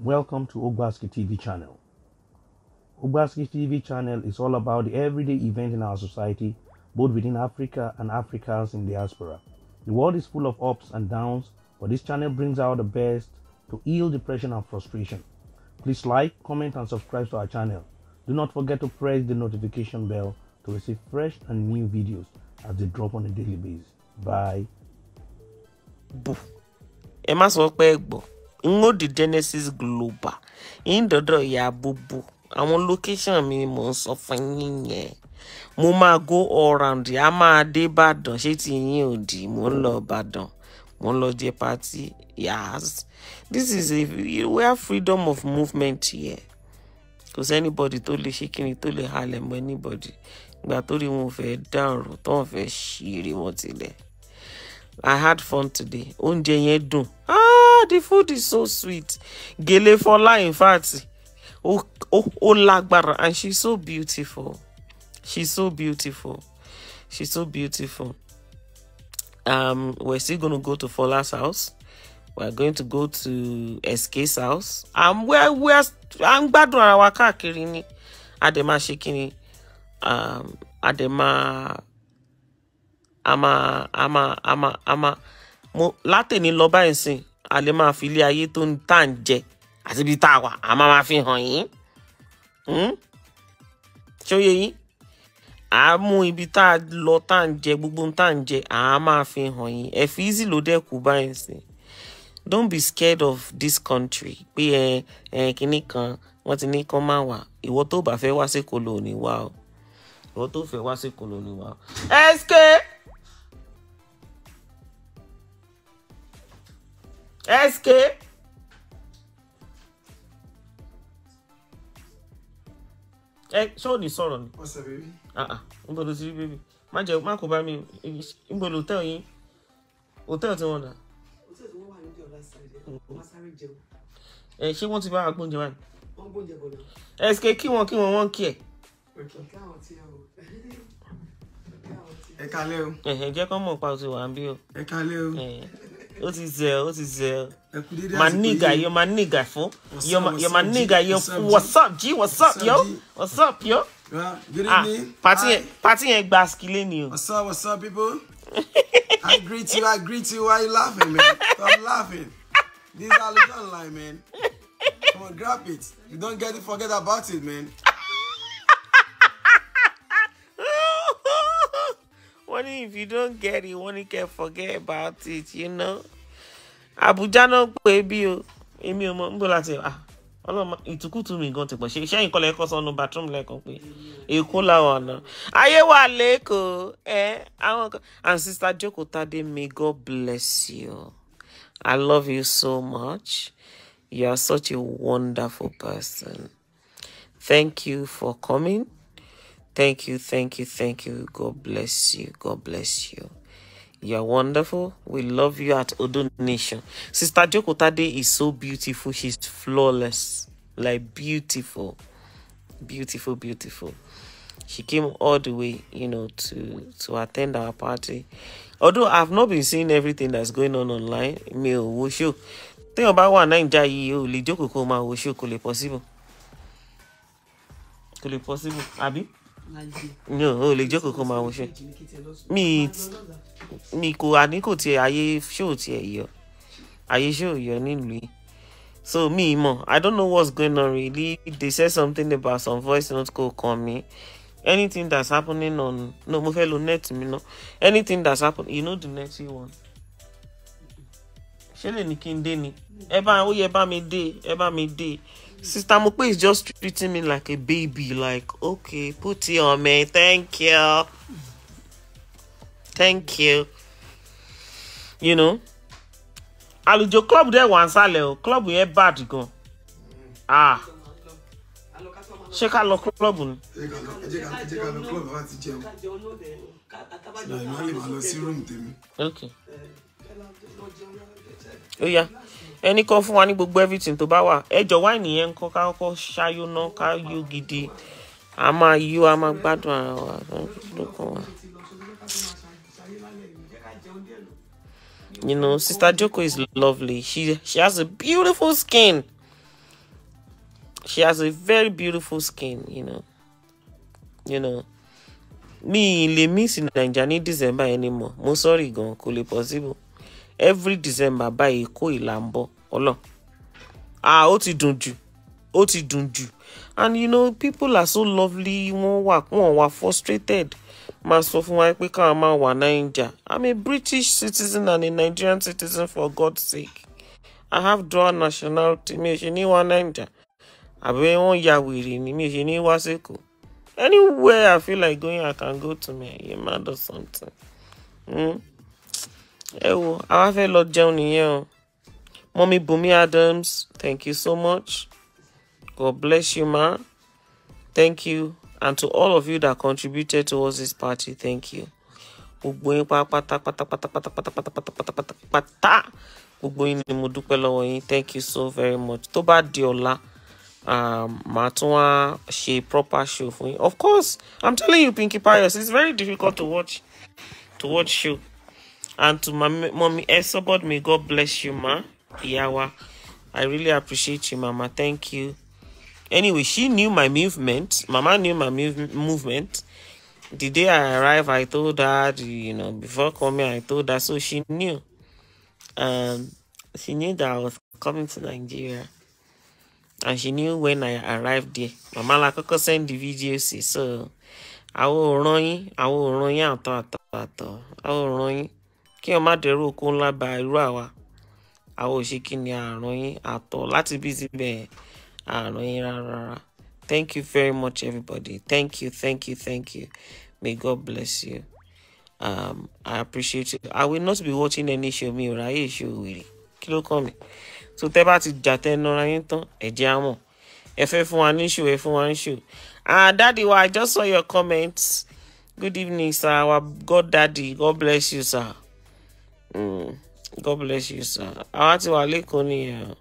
Welcome to Ogbaski TV channel. Ogbaski TV channel is all about the everyday event in our society, both within Africa and Africans in diaspora. The world is full of ups and downs, but this channel brings out the best to heal depression and frustration. Please like, comment, and subscribe to our channel. Do not forget to press the notification bell to receive fresh and new videos as they drop on a daily basis. Bye. ngodi genesis global ìdọ̀dọ̀ ìyá àbúbù àwọn location mi ni mò ń sọ fún yín yẹn mo máa go around. round a máa dé ìbàdàn ṣé ti yín ò dì mò ń lọ ìbàdàn mò ń lọ jẹ party yas this is a where freedom of movement here kò anybody tó lè ṣe kíni tó lè halẹ̀ mọ́ anybody ìgbà tó rí wọn fẹ́ dá ọ̀rọ̀ tó wọn fẹ́ ṣeré wọn tilẹ̀. I had fun today oúnjẹ yẹn dùn ah the food is so sweet Gele Fọlá in fact ó ó ó lagbara. and she's so beautiful she's so beautiful she's so beautiful um we're still gonna go to Fola's house we're going to go to SK's house um we're we're à ń gbádùn ara wa káàkiri ni Adema dẹ̀ ṣe kí um adema a máa a máa a máa a máa mo látẹ̀ni lọ báyìí sìn a lè máa fi ilé ayé tó ń tà ń jẹ àti ibi tá a wà a máa máa fi hàn yín hmm? ṣé ó yẹ yín a mú ibi tá a lọ tá à ń jẹ gbogbo tá à ń jẹ a máa fi hàn yín ẹ fi easy ló dẹ kú báyìí sìn don't be scared of this country pé ẹ ẹ kinní kan wọ́n ti ní kán má wà ìwọ tó bá fẹ́ wá sí kolo ò ní wá o ìwọ tó fẹ́ wá sí kolo ò ní wá o. ẹ ṣe. SK ẹ ṣé ò ní sọ̀rọ̀ ni. ọ̀sẹ̀ bèbí. Ah ah, ti rí bèbí má jẹ má kó bá mi n bolo hòtẹ́ẹ̀lì yín hòtẹ́ẹ̀lì tí wọ́n dà. hòtẹ́ẹ̀lì tí wọ́n wà ní the other side wọ́n sáré jẹun. ẹ ṣé wọ́n ti bá wa gbóúnjẹ báyìí. wọ́n gbóúnjẹ bọ̀ lọ. SK kí wọn kí wọn wọ́n kí ẹ̀. ẹ kalẹ́ o. ẹ jẹ́ kọ́ mọ̀ pa ọ̀sẹ̀ wà ń bí o. ẹ kalẹ́ o ó ti zẹ ó ti zẹ my nigga yo my nigga fo yo my, yo nigga yo what's up g what's up yo what's up yo ah party yẹn party yẹn gba skile ni o. what's up what's up people i greet you i greet you why you laughing man stop laughing this is how you don lie man come on grab it you don get it forget about it man. worry if you don't get it wọ́n ní forget about it you know. Àbújá náà pé bí o èmi ò mọ ń bọ̀ láti ah ọlọ́mọ ìtukùtù mi gan ti pọ̀ ṣe iṣẹ́ ìkọlẹ̀ ẹ̀kọ́ sọnù bathroom lẹ́ẹ̀kan pé èkó làwọn ọ̀nà ayé wà lẹ́kọ̀ọ́ ẹ àwọn kan and sister Joko Tade may God bless you I love you so much you are such a wonderful person thank you for coming. Thank you, thank you, thank you. God bless you. God bless you. You're wonderful. We love you at Odo Nation. Sister Jokotade is so beautiful. She's flawless. Like beautiful. Beautiful, beautiful. She came all the way, you know, to to attend our party. Although I've not been seeing everything that's going on online, Me ò wo about one bá wà Naija yìí, Joko, lè jókòó kó máa possible. Kò lè possible, àbí? yàn ó lè jókòó kó máa wọ ṣe mi mi kò àníkò tiẹ̀ ayé ṣó tiẹ̀ yọ ayé ṣó yọ nílùú yìí so mi mọ̀ i don't know what's going on really they said something about some voice not kò kàn mí anything that's happening on no mo fẹ́ lo net mi ná anything that's happening you know the next one. want ṣé lè ní kí n dé ni ẹ bá ó yẹ bá mi dé ẹ bá mi dé. Sister Mokpe is just treating me like a baby. Like, okay, put it on me. Thank you. Thank you. You know? Àlùjọ club there? wà ń sálẹ̀ Club we bad gan. Ah. check out lọ club Okay. Oh, yeah ẹni kan fún wa ní gbogbo everything tó bá wà ẹjọ wáìnì yẹn ń ká kọ ṣáyó ná ká yó gidi a máa yó a máa gbádùn ara wa lókàn wa. You know, Sister Joko is lovely. She she has a beautiful skin. She has a very beautiful skin, you know. You know. Mi lè miss Naija ní December anymore. Mo sorry gan, kò le possible every december báyìí kó ìlà ń bọ̀ ọlọ́ ah ó ti dùn jù ó ti dùn jù and you know people are so lovely wọ́n wà wọ́n wà frustrated máa sọ fún wa pé káwọn máa wà naija i'm a british citizen and a nigerian citizen for god's sake i have dual nationality mi ò ṣe ní wá naija àbí wọ́n ya wèrè ni mi ò ṣe ní wá sẹ́kọ̀ọ́ anywhere i feel like going i can go to me mad or something. Mm? ẹ wo àwa fẹ́ lọ jẹun nìyẹn o mọ́mí Bùnmi Adams thank you so much God bless you ma thank you and to all of you that contributed towards this party thank you gbogbo yín pátápátápátápátápátápátápátápátá gbogbo yín ni mo dúpẹ́ lọ́wọ́ yín thank you so very much tó bá di ọ̀la um, màá tún wá ṣe proper show fún yín of course i'm telling you Pinky Pius it's very difficult to watch to watch show and to my mommy Esobod, eh, may God bless you, ma. Iyawa. I really appreciate you, mama. Thank you. Anyway, she knew my movement. Mama knew my mov movement. The day I arrived, I told her, you know, before coming, I told her, so she knew. Um, she knew that I was coming to Nigeria. And she knew when I arrived there. Mama could send the video, see, so I will run, I will run out, I will run kí wọn má dẹrù okó ńlá ba irú àwa àwọn ò kí ni àrùn yín àtọ láti bí ti bẹ àrùn yín rárá thank you very much everybody thank you thank you thank you may God bless you um, I appreciate you I will not be watching any show mi ò ráyè ṣe òwèrè kí ló kàn mí so tẹ bá ti jà tẹ nara yín tán ẹ jẹ́ á mọ̀ ẹ fẹ́ fún wa ní ṣù ẹ fún wa ní ṣù ah daddy wa I just saw your comments good evening sir our God daddy God bless you sir. God bless you sir àwa ti wà lẹ́kọ̀ọ́ nìyẹn o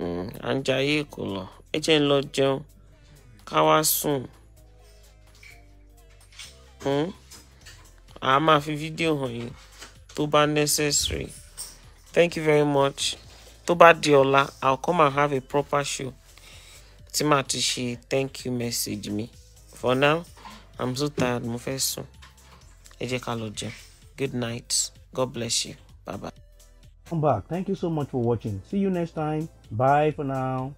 hmm, à ń jayé èkó lọ ẹ jẹ́ ń lọ jẹun ká wá sùn àá hmm, máa fi fídíò hàn yín tó bá necessary thank you very much tó bá di ọ̀la I'll come and have a proper show tí màá ti ṣe thank you message mi for now I'm so tired mo fẹ́ sùn ẹ jẹ́ ká lọ jẹun good night God bless you. Bye bye. Come back. Thank you so much for watching. See you next time. Bye for now.